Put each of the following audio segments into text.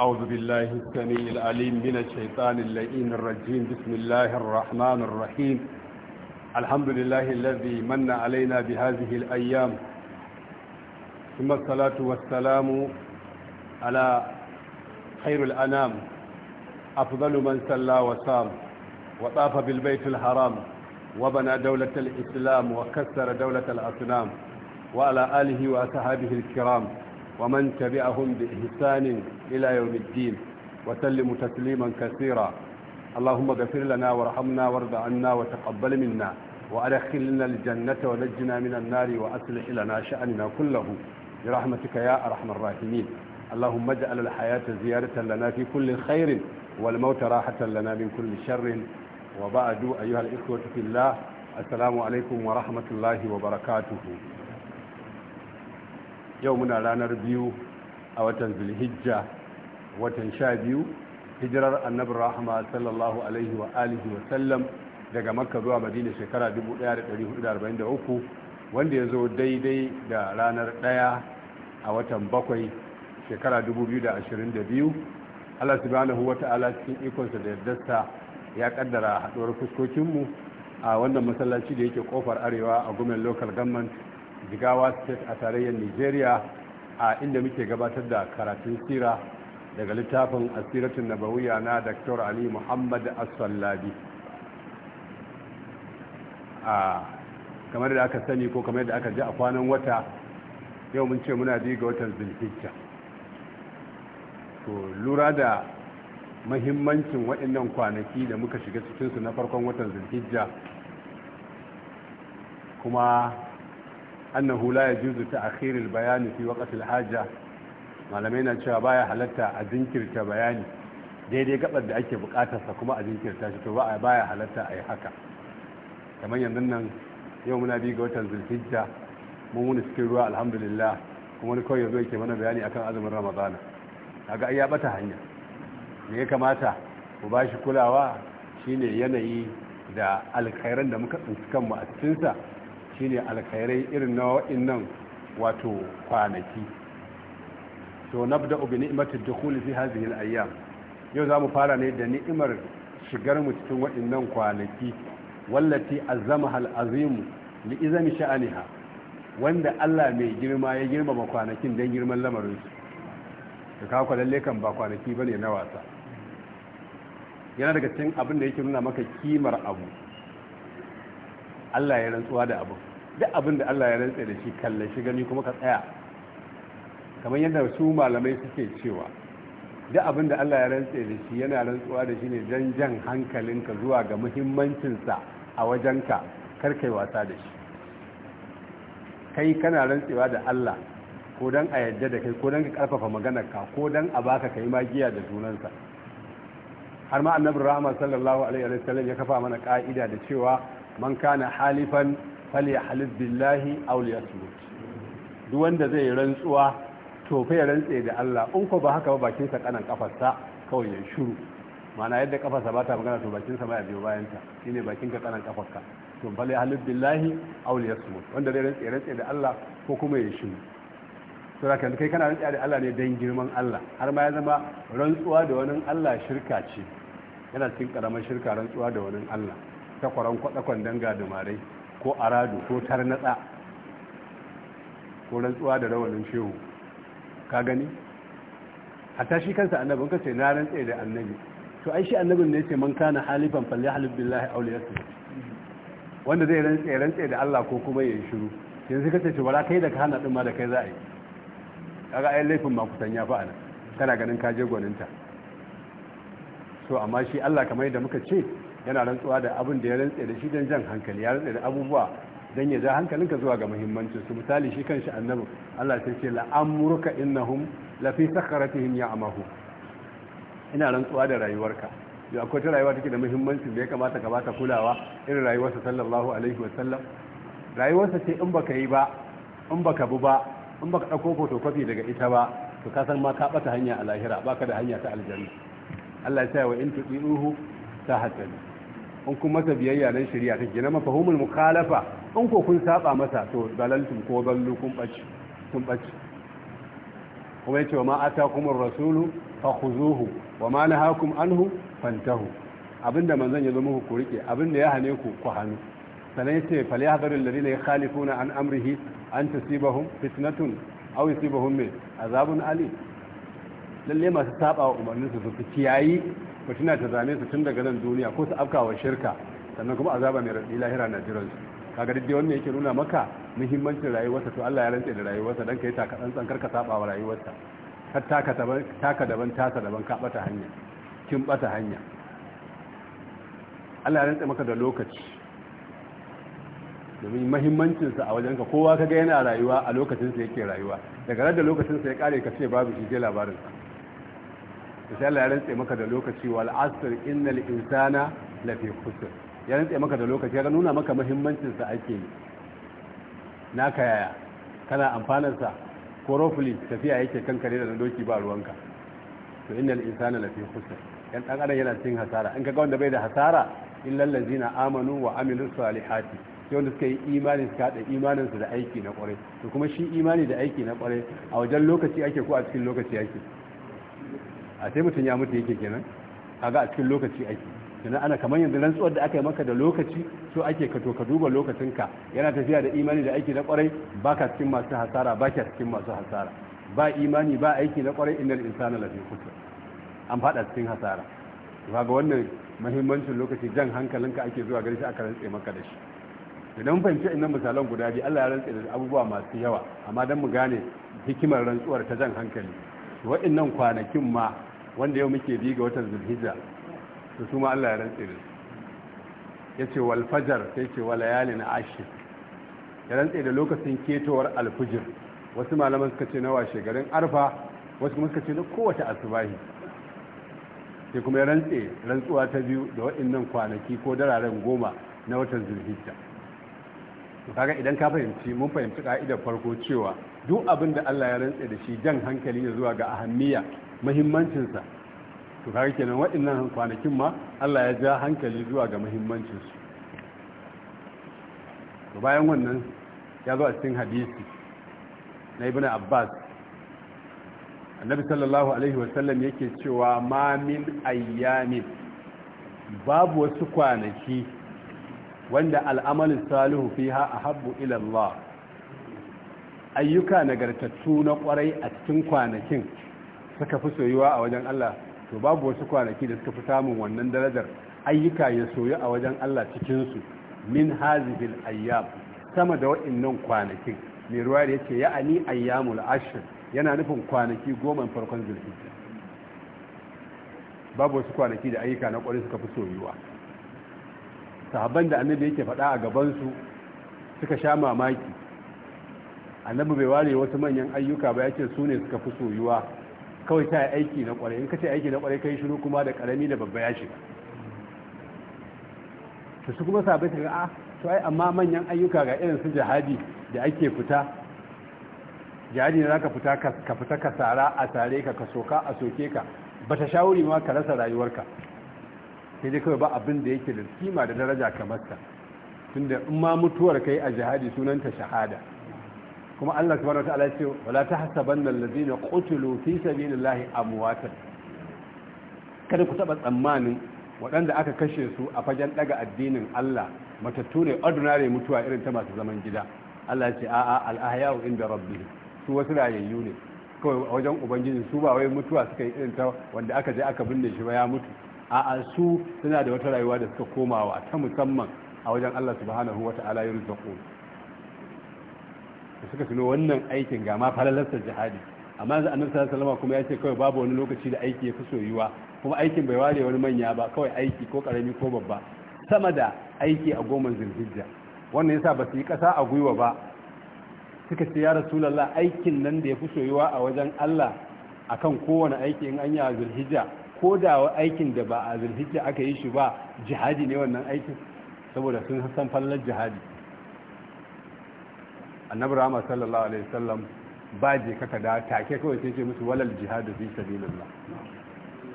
أعوذ بالله السميع العليم من الشيطان اللئيم الرجيم بسم الله الرحمن الرحيم الحمد لله الذي من علينا بهذه الأيام ثم الصلاة والسلام على خير الأنام أفضل من صلى وصام وطاف بالبيت الحرام وبنى دولة الإسلام وكسر دولة الأصنام وعلى آله وأصحابه الكرام ومن تبعهم بإحسان إلى يوم الدين وسلم تسليما كثيرا اللهم اغفر لنا وارحمنا وارض عنا وتقبل منا وأدخلنا الجنة ونجنا من النار وأصلح لنا شأننا كله برحمتك يا أرحم الراحمين اللهم اجعل الحياة زيارة لنا في كل خير والموت راحة لنا من كل شر وبعد أيها الإخوة في الله السلام عليكم ورحمة الله وبركاته يومنا لا أو تنزل هجة watan sha biyu hijirar annabin rahama sallallahu alaihi wa alihi wa sallam daga makka zuwa madina shekara 1443 wanda ya zo daidai da ranar ɗaya a watan bakwai shekara 2022 allah subhanahu wa ta'ala cikin ikonsa da yardarsa ya kaddara haɗuwar fuskokinmu a wannan masallaci da yake kofar arewa a gumen local government jigawa state a tarayyar nigeria a inda muke gabatar da karatun sira daga littafin asiratun nabawiya na dr ali muhammad asallabi a kamar da aka sani ko kamar da aka ji a kwanan wata yau mun ce muna bi ga watan zulhijja to lura da mahimmancin waɗannan kwanaki da muka shiga cikinsu na farkon watan zulhijja kuma annahu la yajuzu ta'khirul bayani fi waqti al hajah malamai na cewa baya halatta a jinkirta bayani daidai gabar da ake bukatarsa kuma a jinkirta shi to ba baya halatta a yi haka kamar yanzu nan yau muna bi ga watan zulhijja mun wuni cikin ruwa alhamdulillah kuma wani kawai yanzu yake mana bayani akan azumin ramadana kaga ai ya bata hanya me ya kamata ku ba shi kulawa shine yanayi da alkhairan da muka tsinci kanmu a cikinsa shine alkhairai irin na wa'innan wato kwanaki to nabda'u ni'imatar da dukhuli fi hadhihi al-ayyam yau zamu fara ne da ni'imar shigar mu cikin waɗannan kwanaki wallati azamaha al-azim li izami sha'aniha wanda Allah mai girma ya girmama kwanakin don girman lamarin su da kawo kwalalle kan ba kwanaki ba ne na wasa yana daga cikin abin da yake nuna maka kimar abu Allah ya rantsuwa da abu duk abin da Allah ya rantsa da shi kalle shi gani kuma ka tsaya kamar yadda su malamai suke cewa duk abin da Allah ya rantse da shi yana rantsuwa da shi ne don jan hankalinka zuwa ga muhimmancinsa a wajenka karkai wasa da shi kai kana rantsewa da Allah ko don a yadda da kai ko don ka karfafa ka ko don a baka kai magiya da sunansa har ma annabi rahama sallallahu alaihi wa sallam ya kafa mana ka'ida da cewa man kana halifan falyahlif billahi aw liyasmut duk wanda zai rantsuwa tofe ya rantse da Allah in ko ba haka ba bakin sa kanan kafarsa kawai ya shiru mana yadda kafarsa ba ta magana to bakin sa ba ya biyo bayan ta shine bakin ka kanan kafarka to bal ya billahi aw yasmut wanda zai rantse rantse da Allah ko kuma ya shiru to da kai kana rantsa da Allah ne dan girman Allah har ma ya zama rantsuwa da wani Allah shirka ce yana cikin karamar shirka rantsuwa da wani Allah ta kwaran kwadakon danga da marai ko aradu ko tarnatsa ko rantsuwa da rawanin shehu ka gani a tashi kansa annabin ka ce na rantse da annabi to ai shi annabin ne ce man kana halifan falli halif billahi auliyatu wanda zai rantse rantse da Allah ko kuma yayin shiru yanzu kace ce bara kai da ka hana din ma da kai za a yi kaga ai laifin ma kusan ya fa anan kana ganin ka je gwaninta so amma shi Allah kamar yadda muka ce yana rantsuwa da abin da ya rantse da shi dan jan hankali ya rantse da abubuwa dan ya ja hankalinka zuwa ga muhimmancin su misali shi kanshi annabi Allah sai ce la'amruka innahum la fi sakaratihim ya'mahu ina rantsuwa da rayuwarka da akwai ta rayuwa take da muhimmanci da ya kamata ka bata kulawa irin rayuwarsa sallallahu alaihi wa sallam rayuwarsa ce in baka yi ba in baka bu ba in baka dauko photocopy daga ita ba to ka san ma ka bata hanya a lahira baka da hanya ta aljanna Allah ya sa wa in tudihu ta hatta in kuma ta biyayya nan shari'a take na mafahumul mukhalafa in ko kun saba masa to dalaltum ko ballu kun bace kun bace kuma yace wa ma atakumur rasulu fakhuzuhu wa ma nahakum anhu fantahu abinda manzon ya zo muku ku rike abinda ya hane ku ku hanu sanan yace fal yahdharul ladina yakhalifuna an amrihi an tusibahum fitnatun aw yusibahum azabun Ali? lalle masu saba wa umarnin su su kiyayi fitina ta zame su tun daga nan duniya ko su afkawa shirka sannan kuma azaba mai radi lahira na jiran su kaga duk dai wannan yake nuna maka muhimmancin rayuwarsa to Allah ya rantse da rayuwarsa dan kai taka dan tsankar ka saba wa rayuwarsa har taka daban taka daban tasa daban ka bata hanya kin bata hanya Allah ya rantse maka da lokaci domin muhimmancinsa a wajen ka kowa kaga yana rayuwa a lokacinsa yake rayuwa daga ran da lokacinsa ya kare ka ce babu shi sai labarin sa sai Allah ya rantse maka da lokaci wal asr innal insana lafi khusr ya rantse maka da lokaci ya nuna maka muhimmancin sa ake yi naka yaya kana amfanar sa ko tafiya yake kanka ne da doki ba ruwanka to innal insana lafi khusr yan dan adam yana cikin hasara in kaga wanda bai da hasara illal ladzina amanu wa amilus salihati sai wanda suka yi imani suka haɗa imanin su da aiki na kware to kuma shi imani da aiki na kware a wajen lokaci ake ko a cikin lokaci ake a sai mutum ya mutu yake kenan kaga a cikin lokaci ake sannan ana kamar yanzu rantsuwar da aka yi maka da lokaci so ake ka to ka duba lokacinka yana tafiya da imani da aiki na kwarai ka cikin masu hasara ba cikin masu hasara ba imani ba aiki na kwarai innal insana lafi kusa an fada cikin hasara ba ga wannan mahimmancin lokaci jan hankalinka ake zuwa gari shi aka rantse maka da shi idan fahimci innan misalan guda biyu Allah ya rantse da abubuwa masu yawa amma dan mu gane hikimar rantsuwar ta jan hankali nan kwanakin ma wanda yau muke bi ga watan zulhijja to su ma Allah ya rantse da su ya ce wal fajar sai ce wa layalin ashir ya rantse da lokacin ketowar alfujir wasu malaman suka ce na washe garin arfa wasu kuma suka ce na kowace asubahi sai kuma ya rantse rantsuwa ta biyu da waɗannan kwanaki ko dararen goma na watan zulhijja to kaga idan ka fahimci mun fahimci ka'idar farko cewa duk abin da Allah ya rantse da shi jan hankali ne zuwa ga ahammiya mahimmancinsa. to kaga kenan waɗannan kwanakin ma Allah ya ja hankali zuwa ga muhimmancin su to bayan wannan ya zo a cikin hadisi na ibnu abbas annabi sallallahu alaihi wa sallam yake cewa ma min ayyamin babu wasu kwanaki wanda al'amalin salihu fiha ahabbu ila Allah ayyuka nagartattu na kwarai a cikin kwanakin suka fi soyuwa a wajen Allah to babu wasu kwanaki da suka fi samun wannan darajar ayyuka ya soyu a wajen Allah cikinsu min hazihil ayyam sama da wa'annan kwanakin mai ruwa da yake ya ani ayyamul ashir yana nufin kwanaki goma farkon zulhijja babu wasu kwanaki da ayyuka na ƙwarin suka fi soyuwa sahabban da annabi yake faɗa a gabansu suka sha mamaki annabi bai ware wasu manyan ayyuka ba yake su ne suka fi soyuwa kawai ta aiki na kwarai in ka ce aiki na kwarai kai shiru kuma da karami da babba ya shiga to su kuma sabai su a ah, to ai amma manyan ayyuka ga irin su jihadi da ake fita jihadi ne zaka fita ka fita ka sara a tare ka ka soka a soke ka bata shawuri ma ka rasa rayuwarka sai dai kawai ba abin da yake da kima da daraja kamar ka tunda in ma mutuwar kai a jihadi sunanta shahada kuma Allah subhanahu wataala ce wala tahsabanna alladhina qutilu fi sabilillahi amwata kada ku taba tsammanin waɗanda aka kashe su a fagen daga addinin Allah matattu ne ordinary mutuwa irin ta masu zaman gida Allah ce a'a al-ahya'u inda rabbih su wasu rayayyu ne kawai wajen ubangiji su ba wai mutuwa suka yi irin ta wanda aka je aka binne shi ba ya mutu a su suna da wata rayuwa da suka komawa ta musamman a wajen Allah subhanahu wata'ala ta rizqu da suka tuno wannan aikin ga ma falalarsa jihadi amma yanzu nan sa salama kuma ya ce kawai babu wani lokaci da aiki ya fi soyuwa kuma aikin bai ware wani manya ba kawai aiki ko karami ko babba sama da aiki a goma zulhijja wannan yasa ba su yi kasa a gwiwa ba suka ce ya rasulullah aikin nan da ya fi soyuwa a wajen Allah akan kowane aiki in an yi a zulhijja ko da aikin da ba a zulhijja aka yi shi ba jihadi ne wannan aikin saboda sun san fallar jihadi annabi rahama sallallahu alaihi wasallam ba je kaka da take kawai sai ce musu walal jihadu fi sabilillah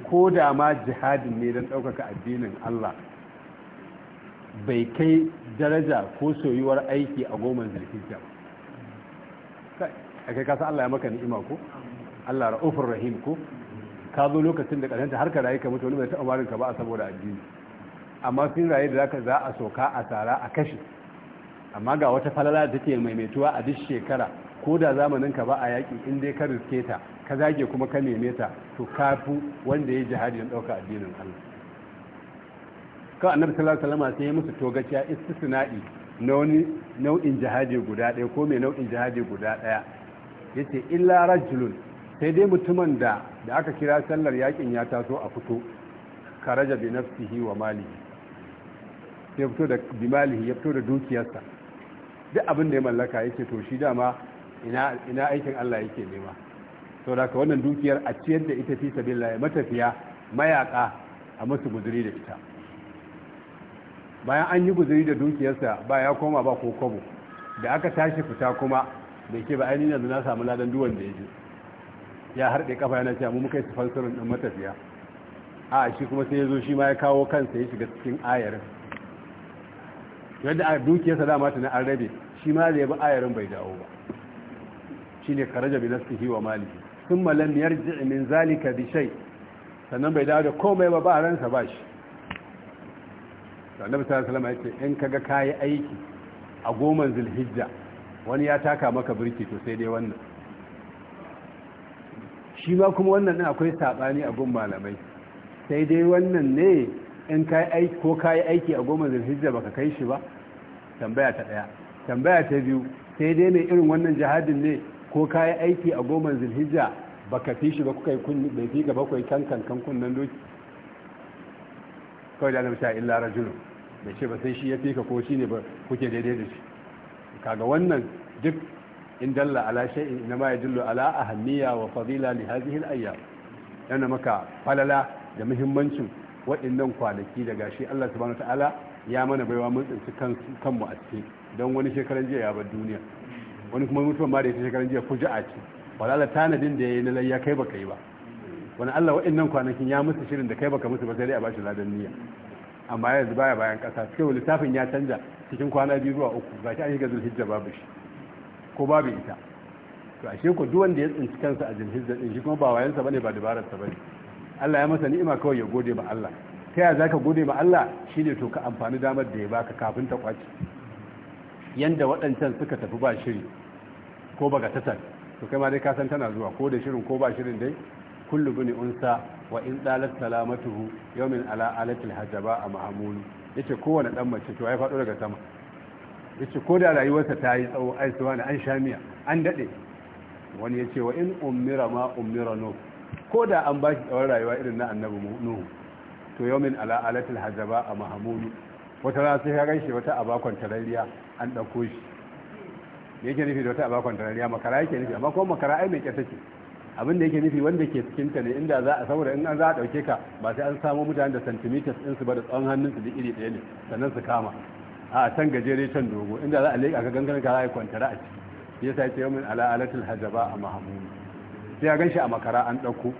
ko da ma jihadin ne don ɗaukaka addinin Allah bai kai daraja ko soyuwar aiki a goma zulhijja ba kai kasa Allah ya maka ni'ima ko Allah ra'ufur rahim ko ka zo lokacin da karanta har ka rayu ka mutu wani bai taɓa barin ka ba saboda addini amma sun rayu da za a soka a tara a kashe amma ga wata falala da take maimaituwa a duk shekara ko da zamanin ka ba a yaƙi in dai ka riske ta ka zage kuma ka neme ta to kafu wanda ya jihadi don ɗauka addinin Allah ka annabi sallallahu alaihi wasallam sai ya musu togaciya istisna'i na wani nau'in jihadi guda ɗaya ko mai nau'in jihadi guda ɗaya yace illa rajulun sai dai mutumin da da aka kira sallar yakin ya taso a fito karaja bi nafsihi wa malihi sai fito da bi malihi ya fito da dukiyarsa duk abin da ya mallaka yake to shi dama ina aikin Allah yake nema sau da wannan dukiyar a ciyar da ita fi sabilillah matafiya mayaka a musu guzuri da ita bayan an yi guzuri da dukiyarsa ba ya koma ba ko kwabo da aka tashi fita kuma da ke ba ainihin yanzu na samu ladan duwan da ya ji ya harɗe kafa yana cewa mu muka yi sponsorin ɗin matafiya a shi kuma sai ya zo shi ma ya kawo kansa ya shiga cikin ayarin yadda a dukiyarsa dama ta na an rabe shi ma zai bi ayarin bai dawo ba shi ne karaja bi nafsihi wa maliki. sun malam yarji min zalika bi shay sannan bai dawo da komai ba ba ransa ba shi Sannan bisa Sallama ya yace in kaga kayi aiki a goman zulhijja wani ya taka maka birki to sai dai wannan shi ma kuma wannan din akwai sabani a gun malamai sai dai wannan ne in kai aiki ko kai aiki a goma zulhijja baka kai shi ba tambaya ta daya tambaya ta biyu sai dai ne irin wannan jihadin ne ko kai aiki a goma zulhijja baka fi shi ba kuka yi bai fi gaba kai kan kan kan kunnan doki kawai da alamta illa rajul bai ce ba sai shi ya fi ka ko shi ne ba kuke daidai da shi kaga wannan duk in dalla ala shay'in inma yadullu ala ahammiya wa fadila li hadhihi al-ayyam yana maka falala da muhimmancin waɗannan kwanaki daga shi Allah subhanahu ta'ala ya mana baiwa mun tsinci kanmu a ciki don wani shekaran jiya ya bar duniya wani kuma mutuwan ma da ita shekaran jiya fuja'a ce wala tanadin da yi na ya kai baka yi ba wani Allah waɗannan kwanakin ya musu shirin da kai baka musu ba sai dai a bashi ladan niyya amma yanzu baya bayan kasa cikin littafin ya canja cikin kwana biyu zuwa uku ga shi an shiga zulhijja babu shi ko babu ita to ashe ku duk wanda ya tsinci kansa a zulhijja din shi kuma ba wayansa bane ba dabararsa bane Allah ya masa ni'ima kawai ya gode ma Allah ta yaya zaka gode ma Allah shi ne to ka amfani damar da ya baka kafin ta kwaci yadda waɗancan suka tafi ba shiri ko ga tasar to kai ma dai ka san tana zuwa ko da shirin ko ba shirin dai kullu bini unsa wa in dalat salamatuhu yawmin ala alatil hajaba a mahamulu yace kowane dan mace to ya faɗo daga sama yace ko da rayuwarsa ta yi tsawo ai suwana an shamiya an daɗe wani yace wa in umira ma ummira no ko da an ba shi tsawon rayuwa irin na annabi nuhu to yau min ala'alatul hajaba a mahamudu wata rana sai ya ganshi wata abakon tarariya an ɗauko shi me yake nufi da wata abakon tarariya makara yake nufi amma kuma makara ai mai kyata ce abin da yake nufi wanda ke cikinta ne inda za a saboda in an za a ɗauke ka ba sai an samo mutane da centimeters su ba da tsawon hannunsu duk iri ɗaya ne sannan su kama a can gajere can dogo inda za a leƙa ka gangan ka za a yi kwantara a ciki yasa ya ce yawmin ala alatil hajaba a mahamudu sai ya gan shi a makara an ɗauko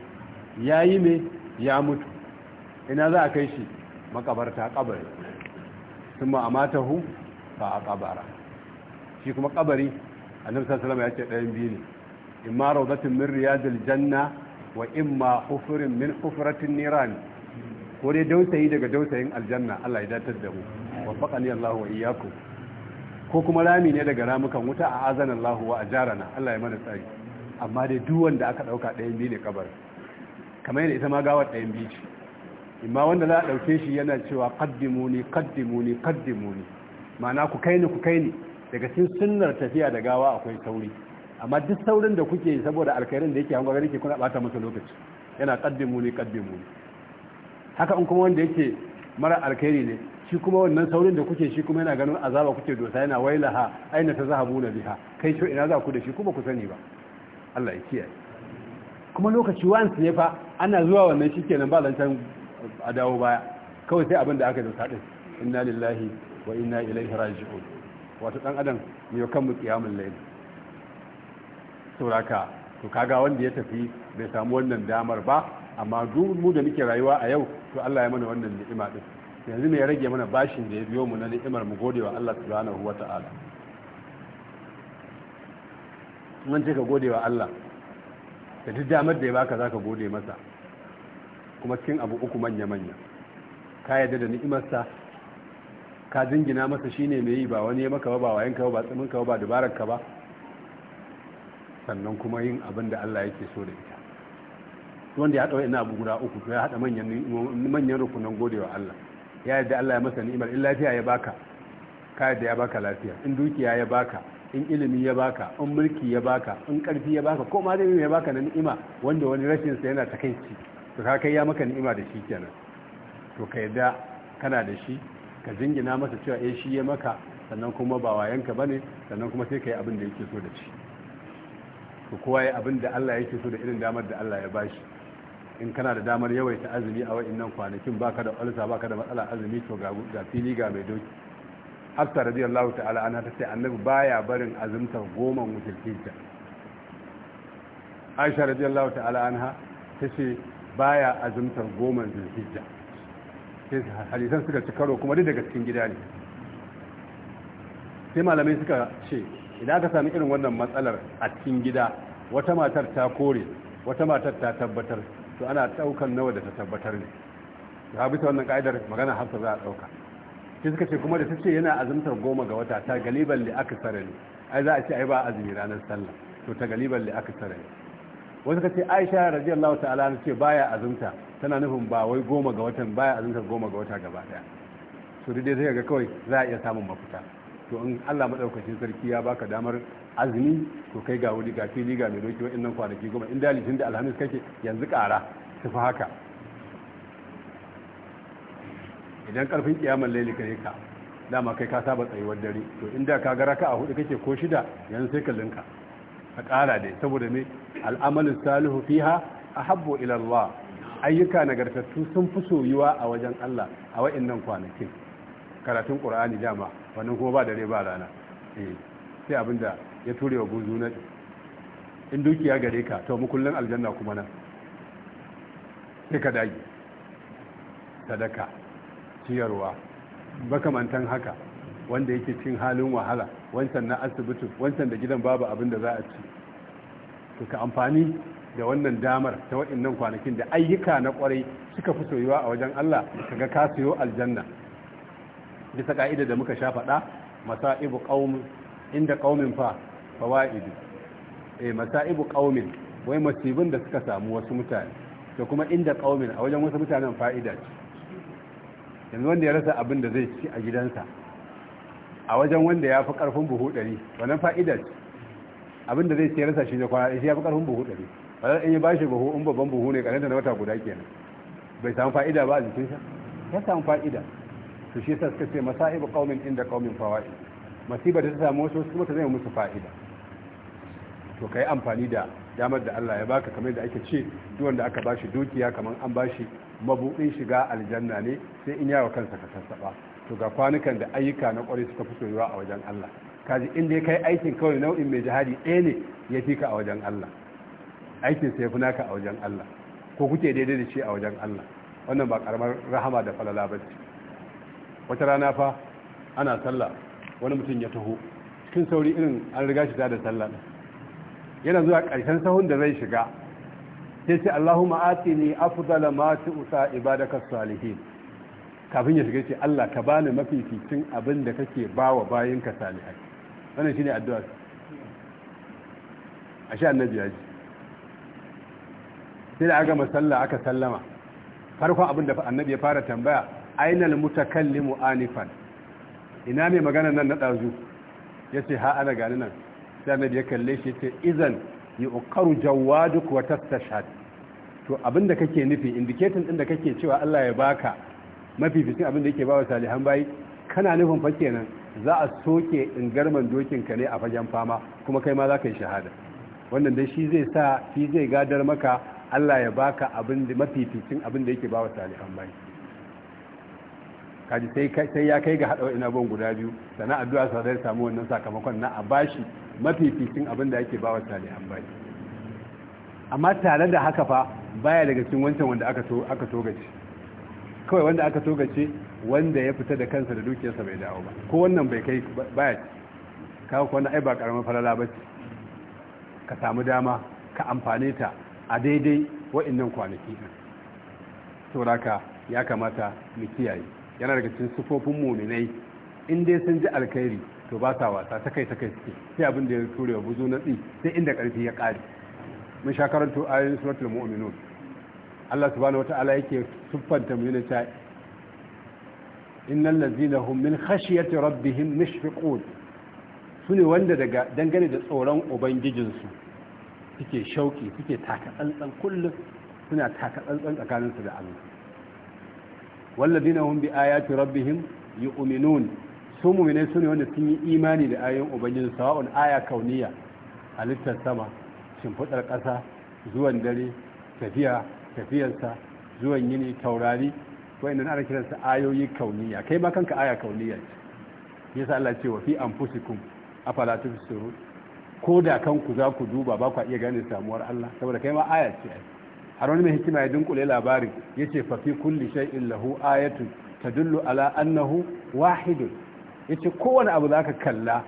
ya yi mai ya mutu ina za a kai shi makabarta kabari sun ma'amatahu ba a kabara shi kuma kabari annabi salama ya ce ɗayan biyu ne In ma rawdatin min riyadil janna wa in ma hufurin min hufratin niran ko dai dausayi daga dausayin aljanna Allah ya datar da mu faƙani Allah wa iyakun ko kuma rami ne daga ramukan wuta a azanin allah wa jarana Allah ya mana tsari amma dai duk wanda aka dauka ɗayan biyu ne kabar kamar yadda ita ma gawar ɗayan biyu ce imma wanda za a ɗauke shi yana cewa kaddimuni kaddimuni kaddimuni ma'ana ku kai ni ku kai ni daga cikin sunnar tafiya da gawa akwai sauri amma duk saurin da kuke saboda alkhairin da yake hango gari ke kuna bata masa lokaci yana kaddimuni kaddimuni haka in kuma wanda yake mara alkhairi ne shi kuma wannan saurin da kuke shi kuma yana ganin azaba kuke dosa yana wailaha aina ta zahabu na biha kai shi ina za ku da shi kuma ku sani ba Allah ya kiyaye kuma lokaci wansu ne fa ana zuwa wannan shikenan ba lantan a dawo baya kawai sai abin da aka dauka din inna lillahi wa inna ilaihi raji'un wato dan adam ne kan mu qiyamul layl sauraka to kaga wanda ya tafi bai samu wannan damar ba amma duk mu da muke rayuwa a yau to Allah ya mana wannan ni'ima din yanzu ne ya rage mana bashin da ya biyo mu na ni'imar mu gode wa Allah subhanahu wata'ala an ce ka gode wa Allah da duk damar da ya baka za ka gode masa kuma cikin abu uku manya-manya ka yadda da ni'imarsa ka jingina masa shi ne mai yi ba wani ya maka ba ba wayan ka ba tsamin ka ba dubarar ka ba sannan kuma yin abin da Allah yake so da ita wanda ya haɗa ina abu guda uku to ya haɗa manyan rukunan wa Allah ya yadda Allah ya masa ni'imar in lafiya ya baka ka yadda ya baka lafiya in dukiya ya baka in ilimi ya baka in mulki ya baka in karfi ya baka ko ma zai ya baka na ni'ima wanda wani rashin sa yana takaici to ka kai ya maka ni'ima da shi kenan to ka yadda kana da shi ka jingina masa cewa eh shi ya maka sannan kuma ba wayanka bane sannan kuma sai ka yi abin da yake so da shi to kowa ya abin da Allah yake so da irin damar da Allah ya bashi in kana da damar yawaita azumi a wa'annan kwanakin baka da ulsa baka da matsala azumi to ga fili ga mai doki hafsa radiyallahu ta'ala ana ta ce annabi baya barin azumtar goma musulkinta aisha radiyallahu ta'ala anha ta ce baya azumtar goma musulkinta sai halittar suka ci karo kuma daga cikin gida ne sai malamai suka ce idan aka sami irin wannan matsalar a cikin gida wata matar ta kore wata matar ta tabbatar to ana daukan nawa da ta tabbatar ne ga bisa wannan ka'idar magana hafsa za a daukar shi suka ce kuma da ta yana azumtar goma ga wata ta galiban da aka sare ne ai za a ce ai ba azumi ranar sallah to ta galiban da aka sare ne wasu suka ce aisha radiyallahu ta'ala na ce baya azumta tana nufin ba wai goma ga watan baya azumtar goma ga wata gaba daya to dai sai ga kawai za a iya samun mafita to in Allah maɗaukacin sarki ya baka damar azumi to kai ga wuri ga fili ga mai doki wa'annan kwanaki goma in dalilin da alhamis kake yanzu kara fi haka idan karfin kiyamar laili kare ka dama kai ka saba tsayuwar dare to inda ka ga a hudu kake ko shida yanzu sai ka linka ka kara dai saboda me al'amalin salihu fiha a habbo ilarwa. ayyuka nagartattu sun fi soyuwa a wajen Allah a wa'annan kwanakin karatun ƙur'ani dama wannan kuma ba dare ba rana eh, sai sai abinda ya ture wa guzu na in dukiya gare ka to mukullin aljanna kuma nan sai ka dage sadaka ciyarwa makamantan haka wanda yake cin halin wahala wancan na asibitin wancan da gidan babu abin da za a ci to ka amfani da wannan damar ta waɗannan kwanakin da ayyuka na kwarai suka fi soyuwa a wajen Allah kaga ka siyo aljanna bisa ka'ida da muka sha faɗa masa'ibu qaum inda qaumin fa fawaidu eh masa'ibu qaumin wai masibin da suka samu wasu mutane da kuma inda qaumin a wajen wasu mutanen fa'ida ce yanzu wanda ya rasa abin da zai ci a gidansa a wajen wanda ya fi karfin buhu ɗari wani fa'ida abin da zai ci ya rasa shi ne kwana ɗaya shi ya fi karfin buhu ɗari wannan in ba bashi buhu in babban buhu ne ƙaranta na wata guda kenan bai samu fa'ida ba a jikinsa ya samu fa'ida to shi yasa suka ce masa'ibu qaumin inda qaumin fawaid masiba da ta samu wasu kuma ta zama musu fa'ida to ka yi amfani da damar da Allah ya baka kamar da ake ce duk wanda aka bashi dukiya kamar an bashi mabuɗin shiga aljanna ne sai in yawa kansa ka sassaɓa to ga kwanukan da ayyuka na ƙwarai suka fi soyuwa a wajen Allah kaji in dai kai aikin kawai nau'in mai jihadi ɗaya ne ya fi ka a wajen Allah aikin sai fi naka a wajen Allah ko kuke daidai da shi a wajen Allah wannan ba karamar rahama da falala ba ce wata rana fa ana sallah wani mutum ya taho cikin sauri irin an riga shi da sallah yana zuwa ƙarshen sahun da zai shiga sai ce Allahumma atini afdala ma usa ibadaka salihin kafin ya shiga ce Allah ka bani mafificin abin da kake bawa ka salihai wannan shine addu'a ashe annabi ya ji sai da aka masalla aka sallama farkon abin da annabi ya fara tambaya ainal mutakallimu anifan ina mai magana nan na dazu yace ha ana gani nan sai annabi ya kalle shi yace izan yuqaru jawaduk wa tastashhad to abinda kake nufi indicating din da kake cewa Allah ya baka mafi abin abinda yake ba wa salihan bayi kana nufin fa kenan za a soke garman dokin ka ne a fagen fama kuma kai ma za ka yi shahada wannan dai shi zai sa shi zai gadar maka Allah ya baka abin da fitin abin da yake wa salihan bayi kaji sai ya kai ga haɗawa ina bon guda biyu sannan addu'a sa zai samu wannan sakamakon na a bashi mafificin abin da ake bawa salihan bai amma tare da haka fa baya daga cikin wancan wanda aka to aka togace kawai wanda aka togace wanda ya fita da kansa da dukiyarsa bai dawo ba ko wannan bai kai baya ka ko wannan ai ba karamin falala ba ce ka samu dama ka amfane ta a daidai wa'annan kwanaki din sauraka ya kamata mu kiyaye yana daga cikin sufofin muminai in dai sun ji alkhairi to ba ta wasa ta kai ta kai suke sai abin da ya ture wa buzu natsi sai inda karfi ya kare mun sha karanto ayoyin suratul mu'minun Allah subhanahu wata'ala yake siffanta mu yana cewa innal ladzina hum min khashyati rabbihim mushfiqun sune wanda daga dangane da tsoron ubangijinsu suke shauki suke taka tsantsan kullum suna taka tsantsan tsakaninsu da Allah walladzina hum bi ayati rabbihim yu'minun su mu'minai su ne wanda sun yi imani da ayoyin ubangiji sawa'un aya kauniya halittar sama shimfiɗar kasa, zuwan dare tafiya tafiyarsa zuwan yini taurari wa'annan ana kiransa ayoyi kauniya kai ma kanka aya kauniya ce sa Allah ce wa fi a falatun suru ko da kanku za ku duba ba ku iya gane samuwar Allah saboda kai ma aya ce har wani mai hikima ya dunkule labarin yace fa fi kulli shay'in lahu ayatun tadullu ala annahu wahidun yace kowane abu za ka kalla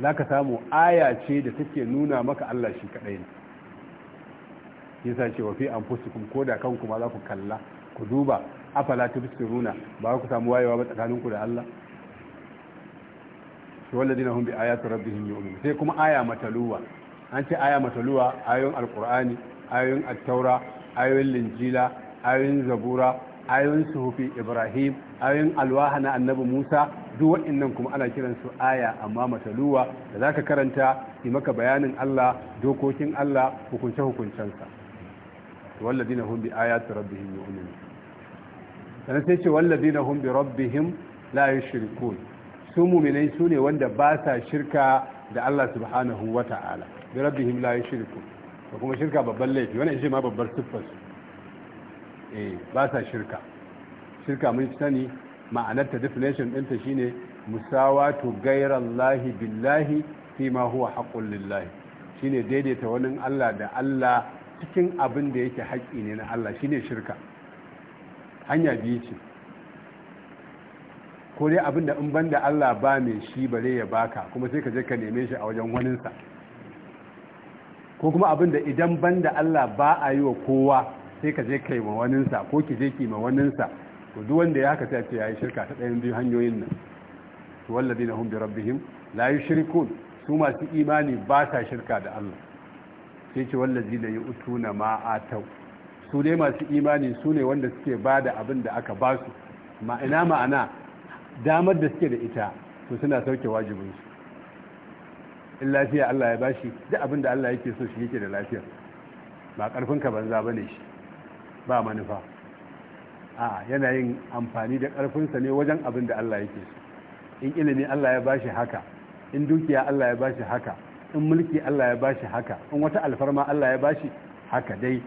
za ka samu aya ce da take nuna maka Allah shi kadai ne yasa ce fusi kuma Ko da kanku ma za ku kalla ku duba afala nuna? ba ku samu wayewa ba tsakaninku da Allah shi walladina hum bi ayati rabbihim umu sai kuma aya mataluwa an ce aya mataluwa ayoyin alkur'ani ayoyin Attaura, ayoyin linjila ayoyin zabura ayoyin suhufi ibrahim ayoyin alwaha na annabi musa duk waɗannan kuma ana kiran su aya amma mataluwa da zaka karanta yi maka bayanin allah dokokin allah hukunce hukuncensa walladina hum bi ayati rabbihim yu'minun sannan sai ce walladina hum bi rabbihim la yushrikun su mu'minai su ne wanda ba sa shirka da allah subhanahu wata'ala bi rabbihim la yushrikun da kuma shirka babban laifi wannan shi ma babbar siffar su eh ba sa shirka shirka mun sani ma'anar ta definition ɗinta shine musawatu gairallahi billahi fi ma huwa haqqul lillahi shine daidaita wani Allah da Allah cikin abin da yake haƙƙi ne na Allah shine shirka hanya biyu ce ko dai abin da in banda Allah ba mai shi bare ya baka kuma sai ka je ka neme shi a wajen waninsa ko kuma abin da idan banda Allah ba a yi wa kowa sai ka je kai ma waninsa ko ki je ki ma waninsa to duk wanda ya haka ce yayi shirka ta ɗayan biyu hanyoyin nan to walladina hum bi rabbihim la yushrikun su masu imani ba sa shirka da Allah sai ce walladina yu'tuna ma ataw su dai masu imani su ne wanda suke ba da abin da aka ba su ina ma'ana damar da suke da ita to suna sauke wajibinsu in lafiya Allah ya bashi duk abin da Allah yake so shi yake da lafiya ba karfin ka banza bane shi ba manufa a yana yin amfani da ƙarfinsa ne wajen abin da Allah yake so in ilimi Allah ya bashi haka in dukiya Allah ya bashi haka in mulki Allah ya bashi haka in wata alfarma Allah ya bashi haka dai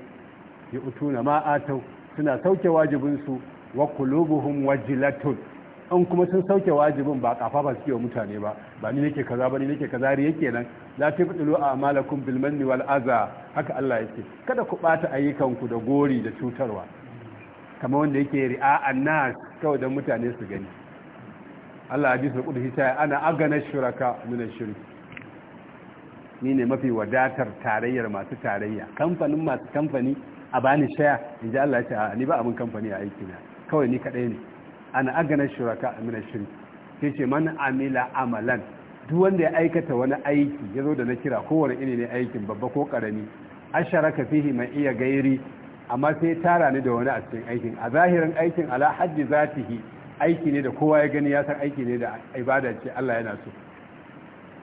ya utuna ma'atau suna sauke wajibinsu wa kulubuhum wajilatun in kuma sun sauke wajibin ba kafa ba suke wa mutane ba ba ni nake kaza ba ni nake kaza ri yake nan la tabdulu a'malakum bil manni wal aza haka Allah yake kada ku bata ku da gori da cutarwa kamar wanda yake ri'a annas kawai dan mutane su gani Allah da kudi ta ana agana shuraka min ash-shirk ni ne mafi wadatar tarayyar masu tarayya kamfanin masu kamfani a bani shaya in ji Allah ya ce ni ba abin kamfani a aiki na kawai ni kadai ne ana agana shuraka amina shirki sai ce man amila amalan duk wanda ya aikata wani aiki ya zo da na kira kowane ini ne aikin babba ko karami asharaka fihi mai iya gairi amma sai tara ni da wani a cikin aikin a zahirin aikin ala haddi zatihi aiki ne da kowa ya gani ya san aiki ne da ibada ce Allah yana so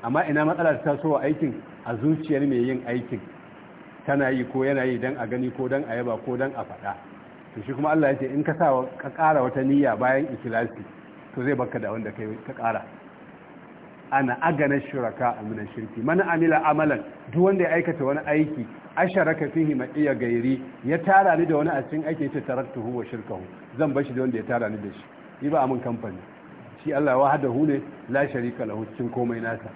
amma ina matsala ta so aikin a zuciyar mai yin aikin tana yi ko yana yi don a gani ko don a yaba ko don a faɗa to shi kuma Allah ya ce in ka sa ka ƙara wata niyya bayan ikilasi, to zai baka da wanda kai ka ƙara ana agana shuraka amina shirki Mana amila amalan duk wanda ya aikata wani aiki asharaka fihi ma iya gairi ya tara ni da wani a cikin aiki ya tarattu wa shirkahu zan shi da wanda ya tara ni da shi ni ba amin kamfani shi Allah ya hu ne la sharika lahu cikin komai nasa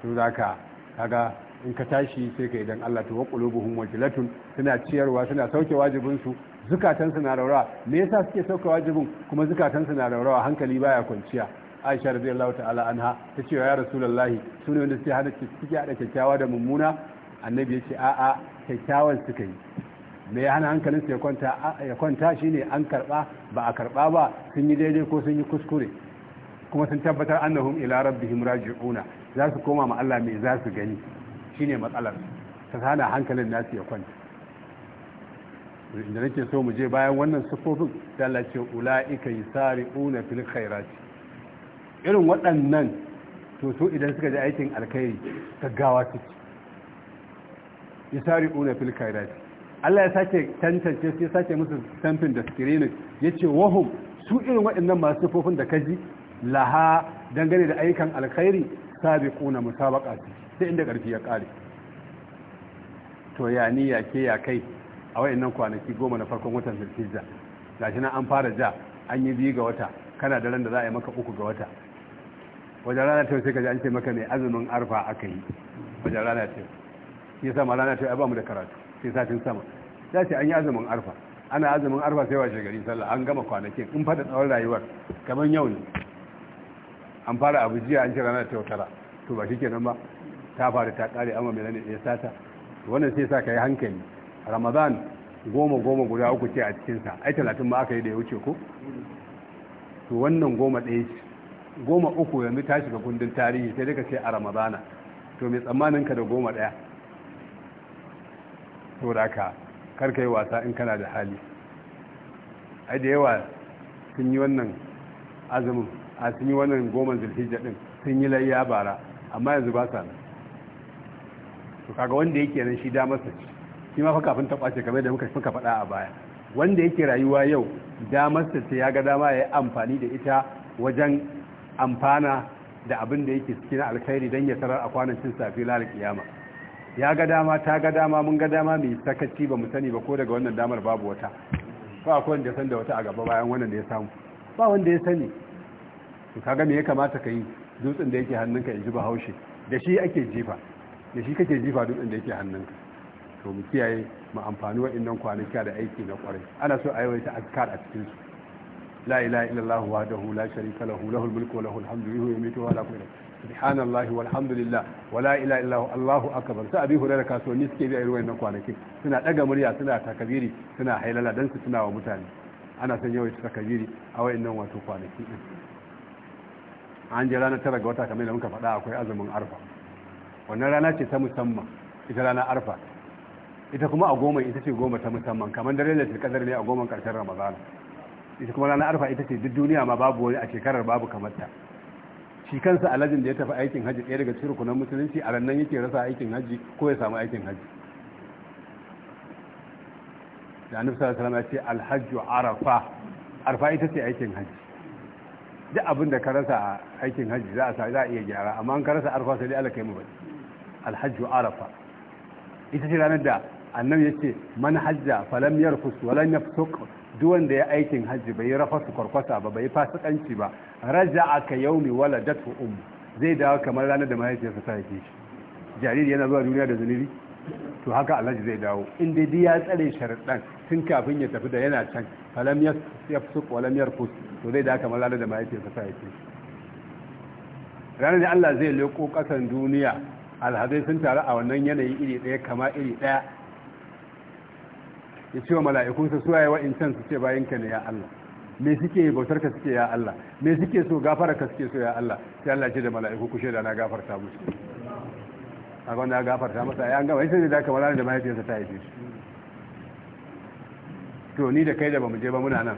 to zaka kaga in ka tashi sai ka idan Allah to wa qulubuhum wajilatun suna ciyarwa suna sauke wajibin su zukatansu na raurawa me yasa suke sauka wajibin kuma zukatansu na raurawa hankali baya kwanciya aisha radiyallahu ta'ala anha ta ce ya rasulullahi sune wanda suke hada suke hada kyakkyawa da mummuna annabi ya ce a'a kyakkyawan suka yi me ya hana hankalinsu ya kwanta ya kwanta shine an karba ba a karba ba sun yi daidai ko sun yi kuskure kuma sun tabbatar annahum ila rabbihim raji'una za su koma ma Allah me za su gani shine matsalar ta hana hankalin nasu ya kwanta inda nake so mu je bayan wannan sifofin da Allah ce ula'ika yusari'una fil khairati irin waɗannan to su idan suka ji aikin alkhairi gaggawa tsari yusari'una fil khairati Allah ya sake tantance su ya sake musu stamping da ya ce wahum su irin waɗannan masu sifofin da kaji laha dangane da aikin alkhairi sabiquna musabaqa sai inda ƙarfi ya kare to ya ni ya ke ya kai a nan kwanaki goma na farkon watan zulhijja gashi na an fara ja an yi biyu ga wata kana da ran da za a yi maka uku ga wata wajen rana ta sai ka ji an ce maka mai azumin arfa aka yi wajen rana ta shi ya sama rana ta ya ba mu da karatu sai satin sama ya ce an yi azumin arfa ana azumin arfa sai washe gari sallah an gama kwanakin in fada tsawon rayuwar kamar yau ne an fara abu jiya an ce rana ta tara to ba shi kenan ba ta fara ta kare amma mai ne ya sata wannan sai sa ka yi hankali ramadan goma goma guda uku ce a cikinsa ai talatin ma aka yi da ya wuce ko to wannan goma ɗaya ce goma uku yanzu ta shiga kundin tarihi sai daga ce a ramadana to mai tsammanin ka da goma ɗaya to da ka karka yi wasa in kana da hali ai da yawa sun yi wannan azumin a sun yi wannan goma zulhijja din sun yi layya bara amma yanzu ba sa nan to kaga wanda yake nan shi damar sa ce shi ma fa kafin ta kwace kamar da muka suka faɗa a baya wanda yake rayuwa yau damar ce ya ga dama ya yi amfani da ita wajen amfana da abin da yake cikin alkhairi don ya tarar a kwanan cin safi ranar kiyama ya ga dama ta ga dama mun ga dama mai sakaci ba mu sani ba ko daga wannan damar babu wata ba akwai wanda ya san da wata a gaba bayan wannan da ya samu ba wanda ya sani to kaga me ya kamata ka yi dutsen da yake hannunka ya ji bahaushe da shi ake jifa da shi kake jifa dutsen da yake hannunka to mu kiyaye mu amfani wa'annan kwanaki da aiki na kwarai ana so a yi yawaita azkar a cikin su la ilaha illallah wahdahu la sharika lahu lahul mulku wa lahul hamdu yuhyi wa yumiitu wa la kulli subhanallahi walhamdulillah wa la ilaha illallah allahu akbar sai abi hurairah ni suke bi a irin wannan kwanaki suna daga murya suna takabiri suna hailala dan su tunawa mutane ana son yawaita takabiri a wa'annan wato kwanaki din an je ranar tara ga wata kamar da muka faɗa akwai azumin arfa wannan rana ce ta musamman ita rana arfa ita kuma a goma ita ce goma ta musamman kamar dare da kadar ne a goma karshen ramadana ita kuma ranar arfa ita ce duk duniya ma babu wani a shekarar babu kamar ta shi kansa alajin da ya tafi aikin haji ɗaya daga cikin rukunan musulunci a ran nan yake rasa aikin haji ko ya samu aikin haji da annabi sallallahu alaihi wasallam ya ce alhajju arafa arfa ita ce aikin haji duk abin da ka rasa a aikin haji za a za a iya gyara amma an ka rasa arfa sai dai Allah kai mu bari alhajju arafa ita ce ranar da annabi yace man hajja falam yarfus walam yafsuq duk wanda ya aikin hajji bai rafasu kwarkwata ba bai fasikanci ba raja'a ka yaumi waladatu um zai dawo kamar ranar da mahaifiyarsa ta haife shi jariri yana zuwa duniya da zunubi to haka alhaji zai dawo inda dai ya tsare sharaɗan tun kafin ya tafi da yana can falam yafsuq walam yarfus to zai dawo kamar ranar da mahaifiyarsa ta haife shi ranar da Allah zai leko kasan duniya alhazai sun taru a wannan yanayi iri ɗaya kama iri ɗaya ya ce wa mala'ikunsa su in can su ce bayinka ne ya Allah me suke bautar ka suke ya Allah me suke so gafara ka suke so ya Allah sai Allah ce da mala'iku kushe da na gafarta musu a wanda ya gafarta masa ya gama ne da aka wala da mahaifiyarsa ta haife shi to ni da kai da bamu je ba muna nan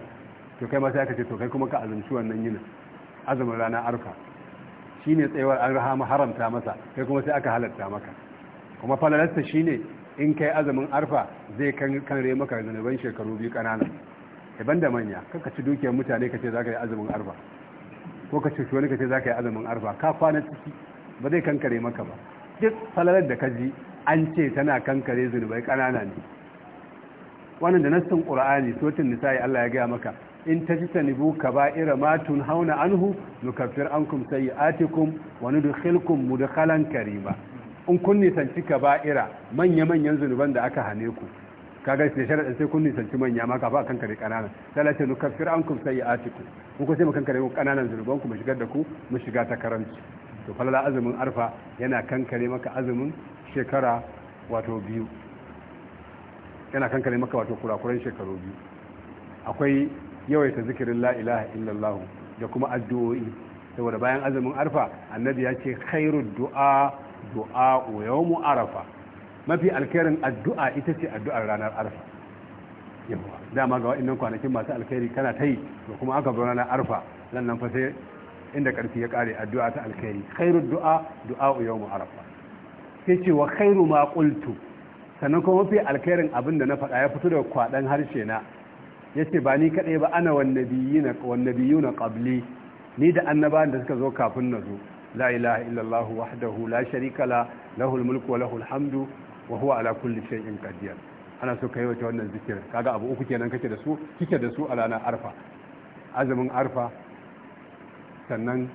to kai ma sai ka ce to kai kuma ka azumci wannan yinin azumin rana arfa shine tsayuwar an rahama haramta masa kai kuma sai aka halatta maka kuma falalarsa shine in kai azumin arfa zai kanre maka zunuban shekaru biyu kanana daban da manya kaka ci dukiyar mutane ka ce za ka yi azumin arfa ko ka cuci wani ka ce za ka yi azumin arfa ka kwana ciki ba zai kankare maka ba duk salalar da ka ji an ce tana kankare zunubai kanana ne wannan da nassin qur'ani sotin nisa'i Allah ya gaya maka in ta tajtanibu kaba'ira ma hauna anhu nukaffir ankum sayi'atikum wa nudkhilkum mudkhalan karima in kun nisanci ba'ira manya-manyan zunuban da aka hane ku kaga sai sharadin sai kun nisanci manya ma kafa a kare ƙananan. talatin nu kafir an kum sai atiku ku ko sai mu kankare kare kananan zunuban ku mu shigar da ku mu shiga ta karanci to falala azumin arfa yana kankare maka azumin shekara wato biyu yana kankare maka wato kurakuran shekaru biyu akwai yawaita zikirin la ilaha illallah da kuma addu'o'i saboda bayan azumin arfa annabi ya ce khairu du'a du'a yawmu arafa mafi alkhairin addu'a ita ce addu'ar ranar arfa yawa dama ga wa'annan kwanakin masu alkhairi kana ta yi to kuma aka zo ranar arfa nan fa sai inda karfi ya kare addu'a ta alkhairi khairu du'a du'a yawmu arafa sai ce wa khairu ma qultu sannan kuma mafi alkhairin abin da na faɗa ya fito da kwaɗan harshe na yace ba ni kadai ba ana wan nabiyina wan nabiyuna qabli ni da annabawan da suka zo kafin na zo لا إله إلا الله وحده لا شريك لا له wa وله الحمد وهو huwa كل شيء قدير أنا ana so kai wata wannan zikirin kaga abu uku kenan kake kike da su a ranar arfa azumin arfa sannan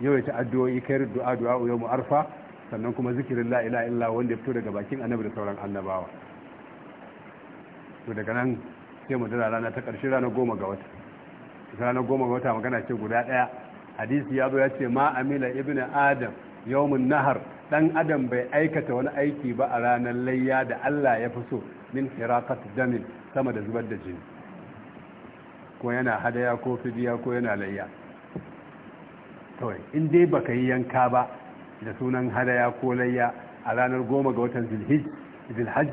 yawaita addu'o'i kai arfa sannan kuma zikirin la ilaha illa wanda ya fito daga bakin annabi da sauran annabawa to daga nan sai mu dira rana ta ƙarshe rana goma ga wata rana goma ga wata magana ce guda ɗaya hadisi ya zo ya ce ma Amina ibn adam yawmun nahar dan adam bai aikata wani aiki ba a ranar layya da Allah ya fi so min firaqat damin sama da zubar da jini ko yana hadaya ko fidiya ko yana layya kawai in dai baka yi yanka ba da sunan hadaya ko layya a ranar goma ga watan zilhaj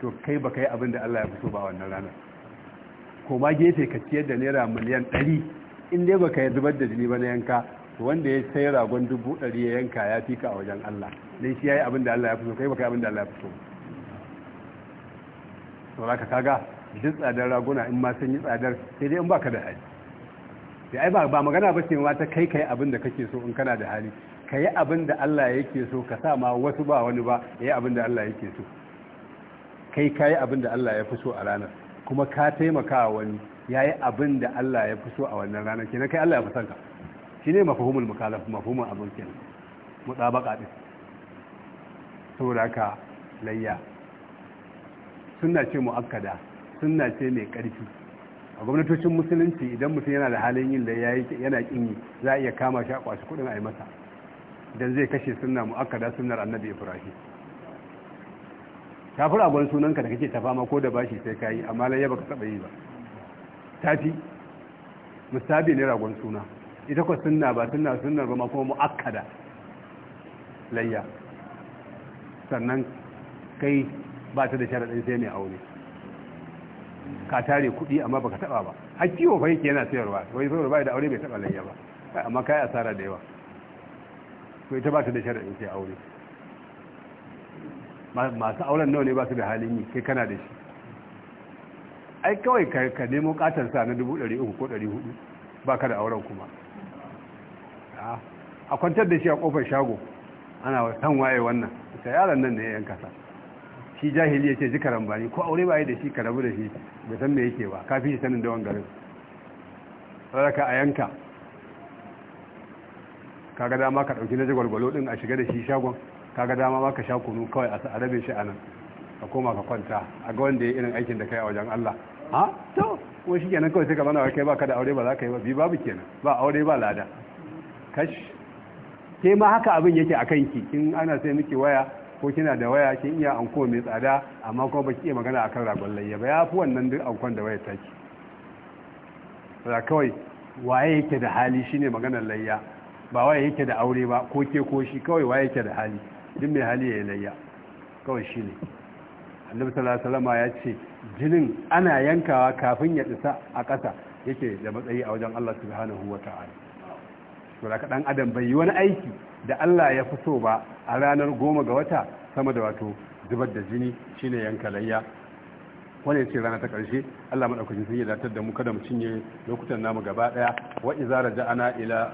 to kai baka yi abin da Allah ya fi so ba wannan ranar koma gefe ka ciyar da naira miliyan ɗari in dai baka ya zubar da jini ba na yanka wanda ya sai ragon dubu ɗari ya yanka ya fi ka a wajen Allah dan shi yayi abin da Allah ya fi so, kai baka yi abin da Allah ya fi so to ka kaga duk tsadar raguna in ma sun yi tsadar sai dai in baka da hali sai ai ba magana ba ce ma ta kai kai abin da kake so in kana da hali ka yi abin da Allah yake so ka sa ma wasu ba wani ba ya yi abin da Allah yake so kai ka yi abin da Allah ya fi so a ranar kuma ka taimaka wani ya yi abin da Allah ya fi so a wannan ranar na kai Allah ya fi son ka shi ne mafahimul mukalaf mafahimul abin kenan mutabaka din saboda ka layya suna ce muakkada suna ce mai ƙarfi a gwamnatocin musulunci idan mutum yana da halin yin layya yana kin yi za a iya kama shi a kwashi kudin a yi masa idan zai kashe suna mu'akkada sunar annabi ibrahim kafir a gwan sunanka da kake ta fama ko da bashi sai kayi amma layya ya baka taba yi ba tafi mustabi ne ragon suna ita kwa sunna ba sunna sunna ba kuma mu'akkada layya sannan kai ba ta da sharaɗin sai mai aure ka tare kuɗi amma baka taɓa ba har kiwo fa yake yana sayarwa wai sayarwa ba da aure bai taɓa layya ba amma kai asara da yawa ko ita ba ta da sharaɗin sai aure masu auren nawa ne ba su da halin yi kai kana da shi ai kawai ka nemo sa na 300 ko 400 ba ka da auren kuma ah, a kwantar da shi a kofar shago ana san waye wannan sai yaron nan ne ya yanka shi jahili yace ji karambani ko aure ba da shi ka rabu da shi bai san me yake ba kafi shi sanin da dawan garin saraka a yanka kaga dama ka dauki na jagwalgwalo din a shiga da shi shagon kaga dama ma ka sha kunu kawai a rabe shi anan ka koma ka kwanta a ga wanda ya irin aikin da kai a wajen Allah ha to kuma shi kenan kawai sai ka mana kai ba ka da aure ba za ka yi ba bi babu kenan ba aure ba lada kashi ke ma haka abin yake a kanki in ana sai miki waya ko kina da waya kin iya anko mai tsada amma kuma baki iya magana akan ragon layya ba ya fi wannan duk ankon da waya take Ba kawai waye yake da hali shine maganar layya ba waye yake da aure ba ko ke ko shi kawai waye yake da hali duk mai hali ya yi layya kawai shine annabi sallallahu alaihi wasallam ya ce jinin ana yankawa kafin ya isa a ƙasa yake da matsayi a wajen Allah subhanahu wa ta'ala to da kaɗan adam bai yi wani aiki da Allah ya fi so ba a ranar goma ga wata sama da wato zubar da jini shine yanka layya wani ce rana ta ƙarshe Allah maɗaukacin sun yi datar da mu kada mu cinye lokutan namu gaba ɗaya wa izara ja'ana ila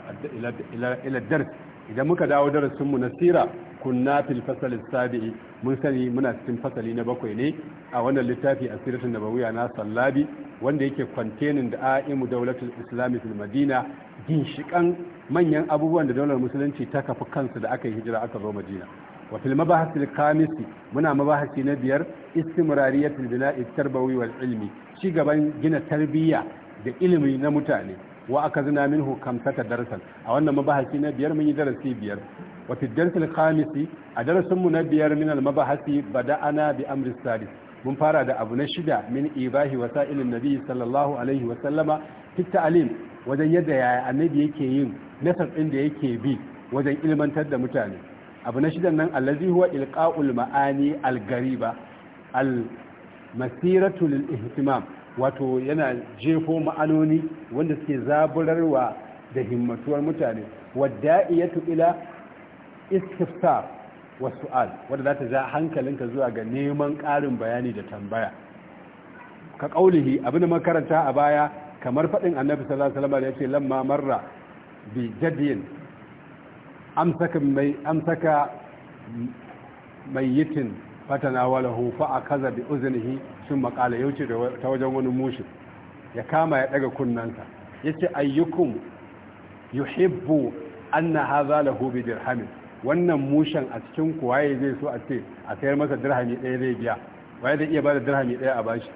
ila ila dars idan muka dawo darasin mu na sira kunna fil fasal sabi'i mun sani muna cikin fasali na bakwai ne a wannan littafi asiratun nabawiya na sallabi wanda yake kwantenin da aimu daulatul islami fil madina ginshikan manyan abubuwan da daular musulunci ta kafa kansu da aka yi hijira aka zo madina wa fil mabahas al khamisi muna mabahasi na biyar istimrariyatul bina'i tarbawi wal ilmi ci gaban gina tarbiyya da ilimi na mutane wa min minhu kamsata darasan a wannan mabahasi na biyar mun yi darasi biyar wa fi khamisi a darasin mu na biyar min al mabahasi bada'ana bi amri sadis mun fara da abu na shida min ibahi wasailin nabi sallallahu alaihi wa sallama fi ta'lim wajen yadda yaya annabi yake yin nasar din da yake bi wajen ilmantar da mutane abu na shida nan allazi huwa ilqa'ul ma'ani al gariba al masiratu lil ihtimam wato yana jefo ma'anoni wanda suke zaburarwa da himmatuwar mutane wadda iya ila istiftar wa al. wadda za ta ja hankalinka zuwa ga neman ƙarin bayani da tambaya ka ƙaulihi abin makaranta a baya kamar faɗin annabi sallallahu alaihi wasallam yace lamma marra bi jadiyin amsaka mai amsaka mayyitin fatanawalahu fa akaza bi uznihi sun makala yauce ta wajen wani mushin ya kama ya daga kunnansa yace ayyukum yuhibbu anna hadha lahu bi dirhamin wannan mushen a cikin ku waye zai so a ce a sayar masa dirhami ɗaya zai biya waye zai iya ba da dirhami ɗaya a bashi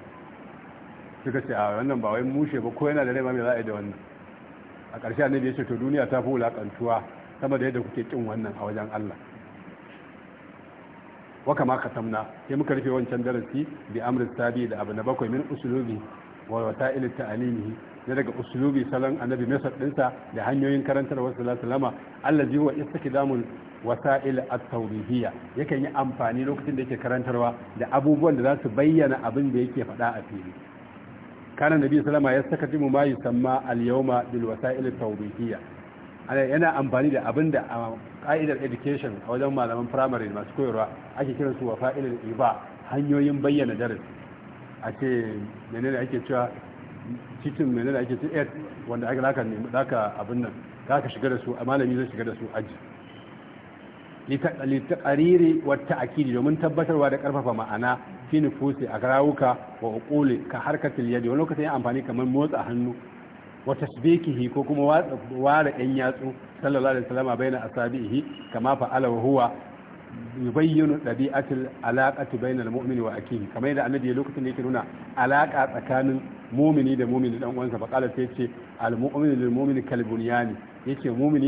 suka ce a wannan ba wai mushe ba ko yana da rai ma za a da wannan a ƙarshe annabi ya ce to duniya ta fi wulaƙantuwa sama da yadda kuke kin wannan a wajen Allah waka kama samna sai muka rufe wancan darasi bi amrin sabi da abu na bakwai min usulubi wa wasa'il ta'alimi na daga usulubi salon annabi masar dinsa da hanyoyin karantar wasu sallama allazi wa istikdamul wasa'il at-tawbihiyya yakan yi amfani lokacin da yake karantarwa da abubuwan da za su bayyana abin da yake faɗa a fili kana nabi sallama ya saka jimu ma yusamma al-yawma bil wasa'il at-tawbihiyya yana amfani da abin da ka'idar education a wajen malaman primary masu koyarwa ake kiran su wa fa'ilin iba hanyoyin bayyana darasi a ce menene ake cewa cikin menene ake ce ed wanda aka laka nemi abin nan ka shiga da su a malami zai shiga da su aji litaqariri wa ta'kidi domin tabbatarwa da karfafa ma'ana fi nufusi a garawuka wa uquli ka harkatil yadi wani lokacin yin amfani kamar motsa hannu wa tasbikihi ko kuma ware ɗan yatsu sallallahu alaihi wasallam baina asabihi kama fa'ala wa huwa yubayyinu dabi'atul alaqati bainal mu'mini wa akihi kamar yadda annabi lokacin da yake nuna alaka tsakanin mumini da mumini dan uwansa faqala sai yace al mu'mini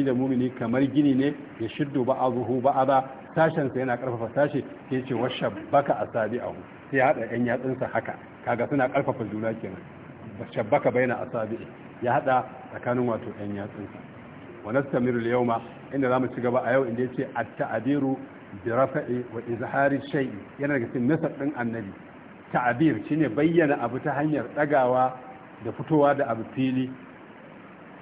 da mumini kamar gini ne ya shiddu ba'dahu ba'da sashen sa yana karfafa sashi yace washabbaka asabi'ahu sai haɗa yan yatsunsa haka kaga suna karfafa juna kenan na a asabi'i ya hada tsakanin wato yan yatsunsa wa nastamiru ma inda zamu ci gaba a yau inda ya ce tabiru bi rafa'i wa izhari shay'i yana daga cikin nasar din annabi ta'abir shine bayyana abu ta hanyar dagawa da fitowa da abu fili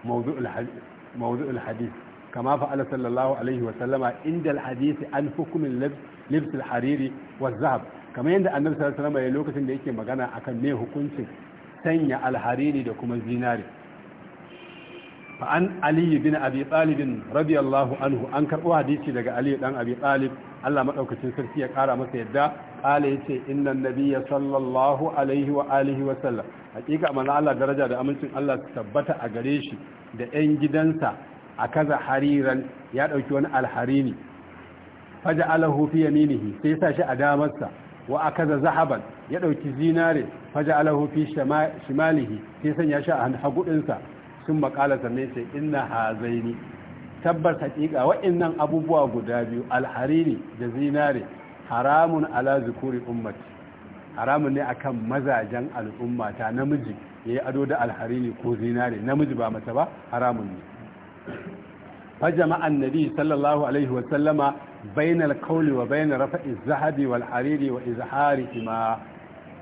mawdu'ul hadith kama fa'ala sallallahu alaihi wa sallama inda al-hadith an hukmin libs al-hariri wa zahab kamar yadda annabi sallallahu alaihi wa sallama ya lokacin da yake magana akan me hukuncin sanya alhariri da kuma zinari Fa'an aliyu bin abi talibin radiyallahu anhu an karɓo hadisi daga aliyu ɗan abi talib allah maɗaukacin sarki ya ƙara masa yadda ƙala ya ce innan nabiya sallallahu alaihi wa alihi wa sallam hakika mana allah daraja da amincin allah su tabbata a gare shi da 'yan gidansa a kaza hariran ya ɗauki wani alharini faja alahu fi yaminihi sai sa shi a damarsa wa a kaza zahaban ya ɗauki zinare faja alahu fi shimalihi sai sanya shi a hagudinsa sun makala zame ce inna hazaini tabbas hakika wa'annan abubuwa guda biyu alhariri da zinare haramun ala zikuri ummati haramun ne akan mazajen al'umma ta namiji yayi ado da alhariri ko zinare namiji ba mace ba haramun ne fa jama'an nabi sallallahu alaihi wa sallama bainal qawli wa bain rafa'i zahabi wal hariri wa izharihi ima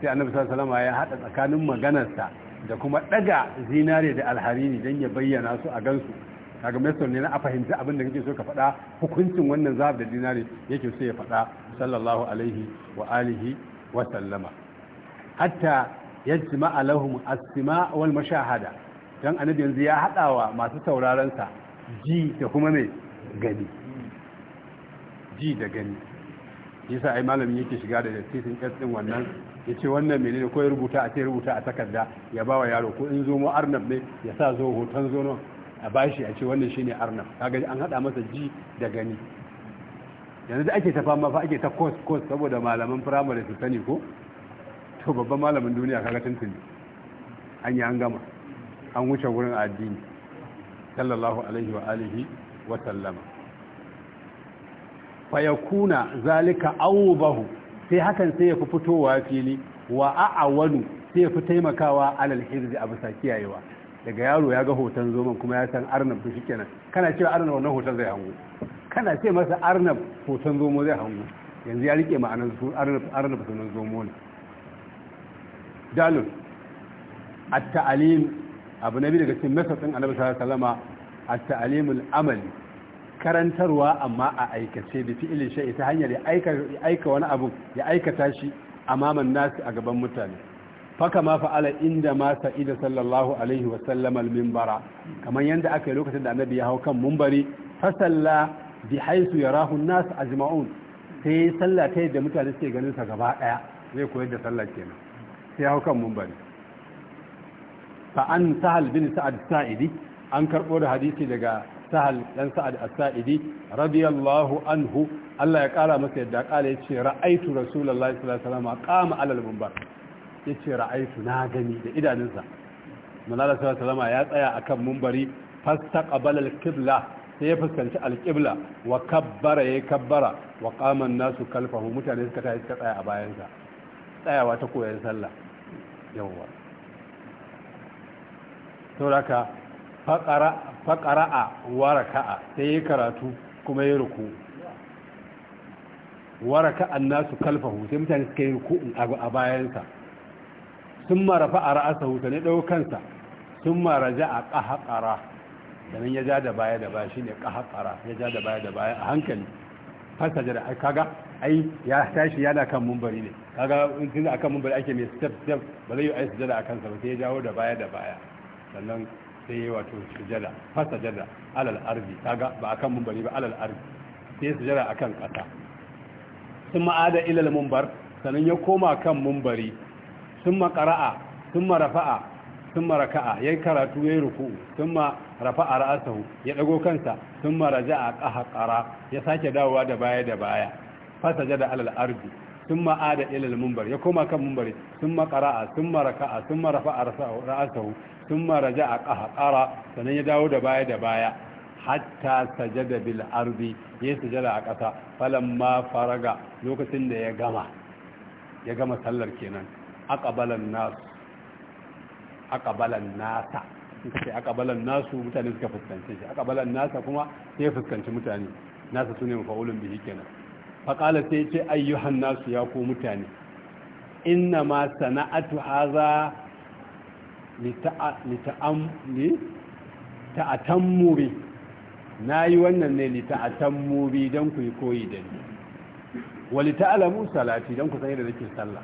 sai annabi sallallahu alaihi wa sallama ya hada tsakanin maganarsa da kuma daga zinare da alharini don ya bayyana su a gansu kaga mason ne na a fahimci abin da kake so ka faɗa hukuncin wannan zahab da dinare yake so ya faɗa sallallahu alaihi wa alihi wa sallama hatta yajma alahum as-sima wal mashahada dan annabi yanzu ya hadawa masu sauraron sa ji da kuma me gani ji da gani yasa ai malamin yake shiga da tafsirin ɗin wannan ya ce wannan ne ko ya rubuta a ce rubuta a takarda ya ba wa yaro ko in zo mu arnab ne ya sa zo hoton zono a bashi a ce wannan shine arnab kaga an hada masa ji da gani yanzu da ake ta fama fa ake ta course course saboda malaman firamare su sani ko to babban malamin duniya kaga tuntuni an yi an gama an wuce wurin addini sallallahu alaihi wa alihi wa sallama fa yakuna zalika awbahu sai hakan sai ya fi fitowa fili wa wani sai ya fi taimakawa alal hirzi a bisa kiyayewa daga yaro ya ga hoton zoman kuma ya san arnab to shikenan kana cewa arnab wannan hoton zai hango kana ce masa arnab hoton zomo zai hango yanzu ya rike ma'anar su arnab arnab sunan zomo ne dalil at-ta'lim abu nabi daga cikin masa annabi sallallahu alaihi wasallama at-ta'limul amali karantarwa amma a aikace da fi'ilin shai ta hanyar ya aika wani abu ya aikata shi a maman nasu a gaban mutane faka ma fa'ala inda ma sa'ida sallallahu alaihi wa sallam al-minbara kamar yanda aka yi lokacin da annabi ya hau kan munbari fasalla bi haisu yarahu an-nas ajma'un sai yi ta yadda mutane suke ganin sa gaba daya zai koyar da sallar kenan sai hau kan mumbari fa an sahal bin sa'ad sa'idi an karbo da hadisi daga sahal dan sa'ad as-sa'idi radiyallahu anhu Allah ya kara masa yadda kala yace ra'aitu rasulullahi sallallahu alaihi wasallam qama alal minbar yace ra'aitu na gani da idanunsa manala sallallahu alaihi wasallam ya tsaya akan minbari fastaqbala al-qibla sai ya fuskanci al-qibla wa kabbara ya kabbara wa qama an-nasu kalfahu mutane suka tashi suka tsaya a bayansa tsayawa ta koyar sallah yawwa sauraka faƙara faƙara'a wara raka'a sai ya karatu kuma ya ruku wa raka'an nasu kalfahu sai mutane suka yi ruku'un a bayansa sun mara a ra'asa hutu ne ɗau kansa sun mara ja a ƙahaƙara sannan ya ja da baya da baya shine ƙahaƙara ya ja da baya da baya a hankali fasa jada kaga ai ya tashi yana kan mumbari ne kaga tun akan mumbari ake mai step step ba zai yi yi sujada a kansa ba sai ya jawo da baya da baya sannan sai ya wato sujada fasa jada alal arzi kaga ba akan mumbari ba alal arzi sai sujada akan kasa sun ma'ada ilal mumbar sannan ya koma kan mumbari sun makara'a sun marafa'a sun maraka'a ya yi karatu ya yi ruku sun marafa'a rafa'a ra'asahu ya ɗago kansa sun maraja a ƙahaƙara ya sake dawowa da baya da baya fasa jada alal arzi sun ma'ada ilal mumbar ya koma kan mumbari sun a sun a sun a ra'asahu sun maraja a ƙara sannan ya dawo da baya da baya hatta sajada bil arzi ya yi sajada a ƙasa falon ma faraga lokacin da ya gama ya gama sallar kenan aqbalan nas aqbalan nasa sai aqbalan nasu mutane suka fuskanci shi aqbalan nasa kuma sai fuskanci mutane nasa sune mafa'ulun bihi kenan faƙala sai ce ayyuhan nasu ya ko mutane inna ma sana'atu haza mubi na yi wannan ne mubi don ku yi koyi da ni wali musa salati don ku sanya da nake sallah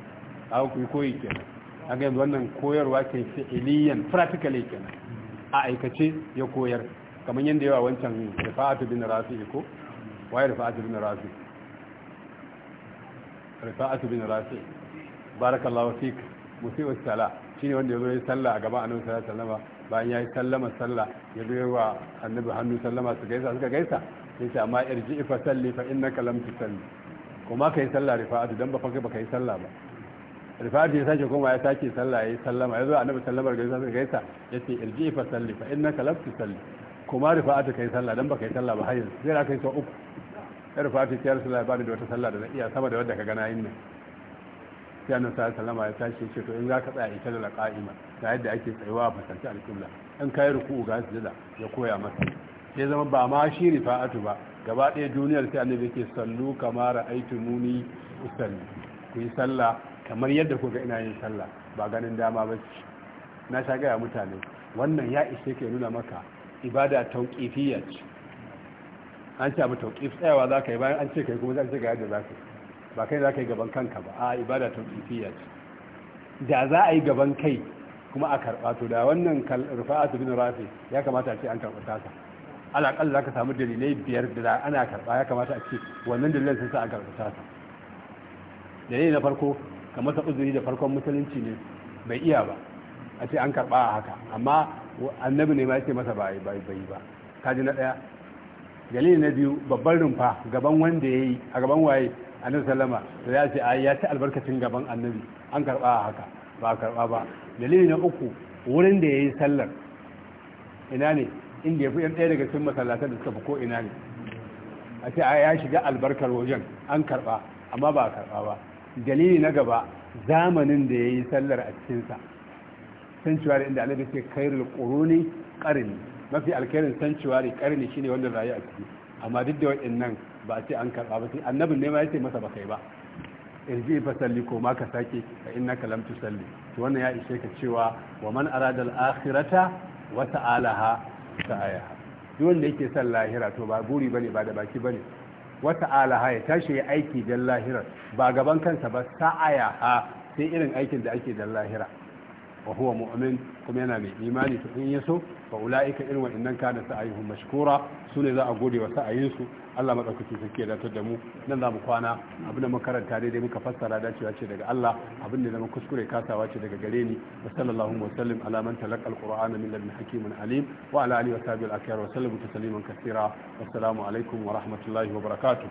aka ku yi koyi kenan a ga yanzu wannan koyarwa ke fi'iliyan practically nan a aikace ya koyar kamar yadda yawa wancan rifa'atu bin rafi'i ko waye rifa'atu bin rafi'i rifa'atu bin rafi barakallahu fik musiwas sala shine wanda yazo yayi sallah a gaba annabi sallallahu alaihi wasallam bayan yayi sallama sallah ya yayi wa annabi hannu sallama su gaisa suka gaisa sai ce amma irji fa salli fa innaka lam tusalli kuma kai sallah rifa'atu dan ba fa kai ba kai sallah ba rifa'atu ya sake koma ya sake sallah yayi sallama yazo annabi sallamar gaisa suka gaisa yace irji fa salli fa innaka lam tusalli kuma rifa'atu kai sallah dan ba kai sallah ba har yanzu sai ra kai sau uku Yar rufa ta ciyar sallah da wata sallah da na iya sama da wadda ka gana yin nan sai annabi sallallahu alaihi ya tashi ce to in za ka tsaya ita da qa'ima ga yadda ake tsayuwa a fasalci alƙibla in kai ruku ga sujada ya koya masa sai zama ba ma shi rifa'atu ba gaba ɗaya duniyar sai annabi yake sallu kama ra'aytumuni usalli ku yi sallah kamar yadda ku ga ina yin sallah ba ganin dama ba ce na sha gaya mutane wannan ya ishe ke nuna maka ibada tauƙifiyya ce an ce abu tauƙif tsayawa za ka yi bayan an ce kai kuma za ce ga yadda za ka yi ba kai za ka yi gaban kanka ba a ibada tauƙifiyya ce da za a yi gaban kai kuma a karɓa to da wannan a bin rafi ya kamata a ce an karɓa tasa alaƙal za ka samu dalilai biyar da ana karɓa ya kamata a ce wannan dalilan sun sa an karɓa tasa dalili na farko ka masa uzuri da farkon musulunci ne bai iya ba a ce an karɓa a haka amma annabi ne ma ya ce masa bai bai ba kaji na ɗaya dalili na biyu babban rumfa gaban wanda ya yi a gaban waye annabi sallama da ya ce a ya ci albarkacin gaban annabi an karba haka ba a karba ba dalili na uku wurin da ya yi sallar ina ne inda ya fi ɗaya daga cikin masallatan da suka fi ko ina ne a ce a ya shiga albarkar wajen an karba amma ba a karba ba dalili na gaba zamanin da ya yi sallar a cikinsa sun cewa da inda annabi ce kairul ƙoroni qarni mafi alkhairin sanctuary karni shine wanda rayu a ciki amma duk da waɗannan ba a ce an karɓa ba sai annabin ne ma yace masa ba kai ba irji fa salli ko ma ka sake fa innaka lam tusalli to wannan ya ishe ka cewa wa man arada al-akhirata wa ta'alaha ta'ayaha duk wanda yake son lahira to ba buri bane ba da baki bane wa ta'alaha ya tashi ya aiki dan lahirar ba gaban kansa ba ta'ayaha sai irin aikin da ake dan lahira wa huwa mu'min kuma yana mai imani to in yaso fa ulaika in wa innan kana sa'ayuhum mashkura ne za a gode wa sa'ayin su Allah madaukakin sarki ya datar da mu nan za mu kwana abinda muka makaranta daidai muka fassara dacewa ce daga Allah abinda zama kuskure kasawa ce daga gare ni wa sallallahu wa sallim ala man talaqa alqur'ana min ladun hakimin alim wa ala alihi wa sahbihi al-akyar wa sallam tasliman katsira wassalamu wa rahmatullahi wa barakatuh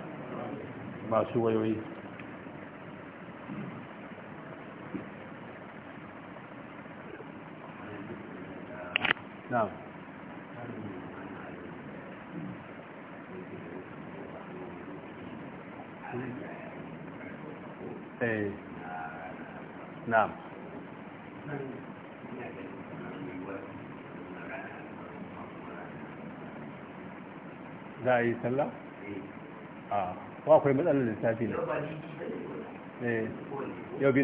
masu wayoyi na'am eh na'am za a yi a matsalar lissafi ne yau ne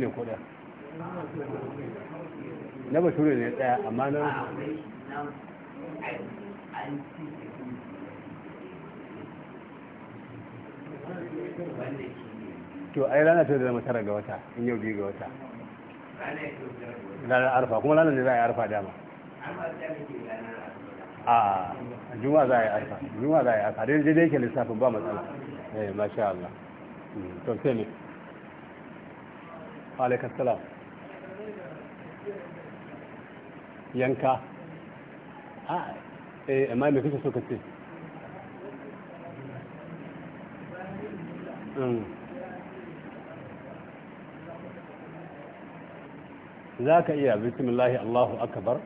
na ne daya amma na to ai rana ta zama tara ga wata in yau biyu ga wata ranar arfa kuma ranar da za a yi arfa dama a juma za a yi arfa juma za a yi arfa dai dai ke lissafin ba matsala eh masha Allah hmm, to sai ne alaikas salam yanka eh amma me kake so ka ce hmm. za ka iya bismillahi allahu akbar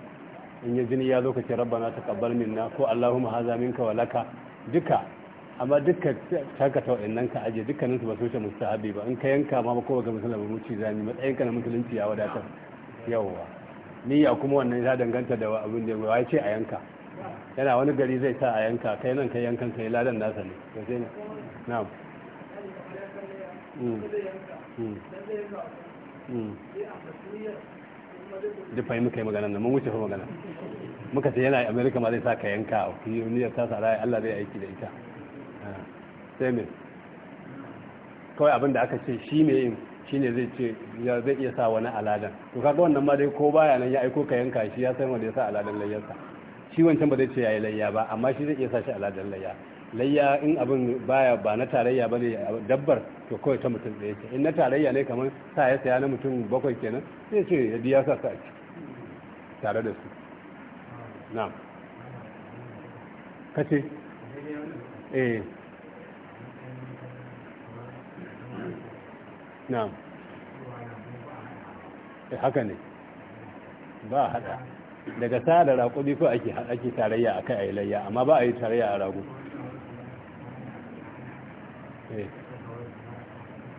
in ya jini ya zo ka ce rabbana taqabbal minna ko allahumma haza minka wa laka duka amma duka taka ta waɗannan ka ajiye dukkanin su ba su musta ba in ka yanka ma ba ko ga musulmi muci zani matsayin ka na musulunci ya wadatar yawwa niyya kuma wannan ya danganta da abin da ya ce a yanka yana wani gari zai sa a yanka kai nan kai yankan kai ladan nasa ne ka sai na'am da fahimci kai magana nan mun wuce fa magana muka ce yana america ma zai sa ka yanka a kuyi niyyar ta sara allah zai aiki da ita ah. sai me kawai abin da aka ce shi ne yin shine zai ce zai iya sa wani aladan to kaga wannan ma dai ko baya nan ya aiko ka yanka shi ya san wanda ya sa aladan layyarsa shi wancan ba zai ce yayi layya ba amma shi zai iya sa shi aladan layya layya in abin baya ba na tarayya bane dabbar to kawai ta mutum da ce in na tarayya ne kamar sa ya saya na mutum bakwai kenan sai ce ya biya sa sa tare da su na'am kace eh na'am eh, haka ne ba a hada daga sa da raƙudi ko ake ake tarayya kai a layya amma ba a yi tarayya a rago eh.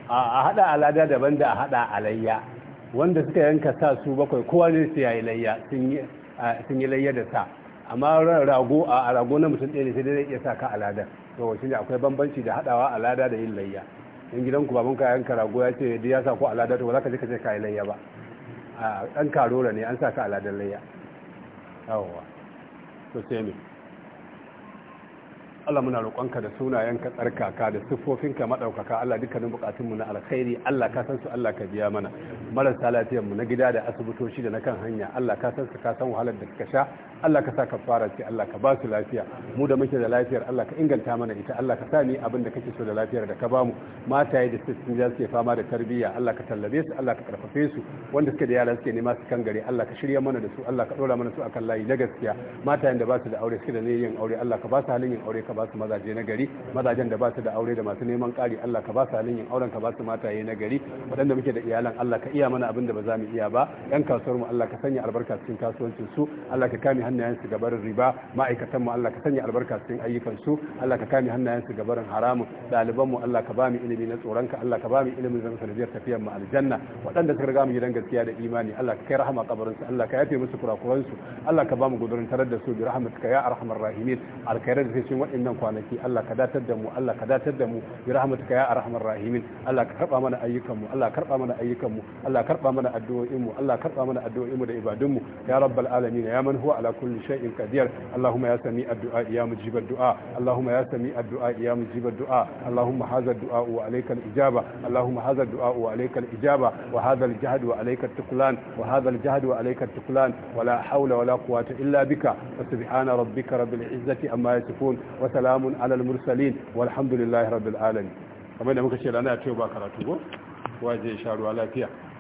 a hada alada daban da a hada alayya wanda suka yanka sa su bakwai kowa ne su yayi layya sun yi layya da sa amma rago a rago na mutum ɗaya ne sai dai ya sa ka alada to shi ne akwai bambanci da hadawa alada da yin layya in ku baban ka yanka rago ya ce ya sa ku alada to ba za ka je ka ce ka yi layya ba a ɗan karora ne an sa ka aladar layya yawwa to sai ne Allah muna roƙonka da sunayenka tsarkaka da siffofinka maɗaukaka Allah dukkanin buƙatunmu na alkhairi Allah ka san su Allah ka biya mana marasa lafiyar mu na gida da asibitoci da na kan hanya Allah ka san su ka san wahalar da suka sha Allah ka sa ka fara ce Allah ka ba su lafiya mu da muke da lafiyar Allah ka inganta mana ita Allah ka sa ni abin da kake so da lafiyar da ka ba mu mataye da sun ja suke fama da tarbiyya Allah ka tallabe su Allah ka karfafe su wanda suke da yara suke nema su kan gare Allah ka shirya mana da su Allah ka ɗora mana su akan layi na gaskiya matayen da ba su da aure suke da ne yin aure Allah ka ba su halin yin aure ka ba su mazaje na gari mazajen da ba su da aure da masu neman ƙari Allah ka ba su halin yin auren ka ba su mataye na gari waɗanda muke da iyalan Allah ka iya mana abin da ba za mu iya ba yan kasuwar mu Allah ka sanya albarka cikin kasuwancin su Allah ka kame hannayen su gabarin riba ma'aikatan mu Allah ka sanya albarka cikin ayyukan su Allah ka kame hannayen su gabarin haramun ɗaliban mu Allah ka ba mu ilimi na tsoron ka Allah ka ba mu ilimin zan sanadiyar tafiyar mu aljanna waɗanda suka riga mu gidan gaskiya da imani Allah ka kai rahama kabarin su Allah ka yafe musu kurakuran su Allah ka ba mu gudurin tarar da su bi rahmatika ya arhamar rahimin alkhairar da sai sun wa'annan kwanaki Allah ka datar da mu Allah ka datar da mu bi rahmatika ya arhamar rahimin Allah ka karba mana ayyukan mu Allah ka karba mana ayyukan mu Allah ka karba mana addu'o'in mu Allah ka karba mana addu'o'in mu da ibadun mu ya rabbal alamin ya man huwa ala kulli shay'in qadir Allahumma ya sami addu'a ya mujib addu'a Allahumma ya sami addu'a ya mujib addu'a Allahumma hadha addu'a wa alayka al-ijaba Allahumma hadha addu'a wa alayka al-ijaba wa hadha al-jahd wa alayka al-tuklan wa hadha al-jahd wa alayka al-tuklan wa la hawla wa la quwwata illa bika subhana rabbika rabbil izzati amma yasifun salamun alal mursalin walhamdulillahi rabbil alamin kamar da muka ce rana ce ba karatu ko waje sha ruwa lafiya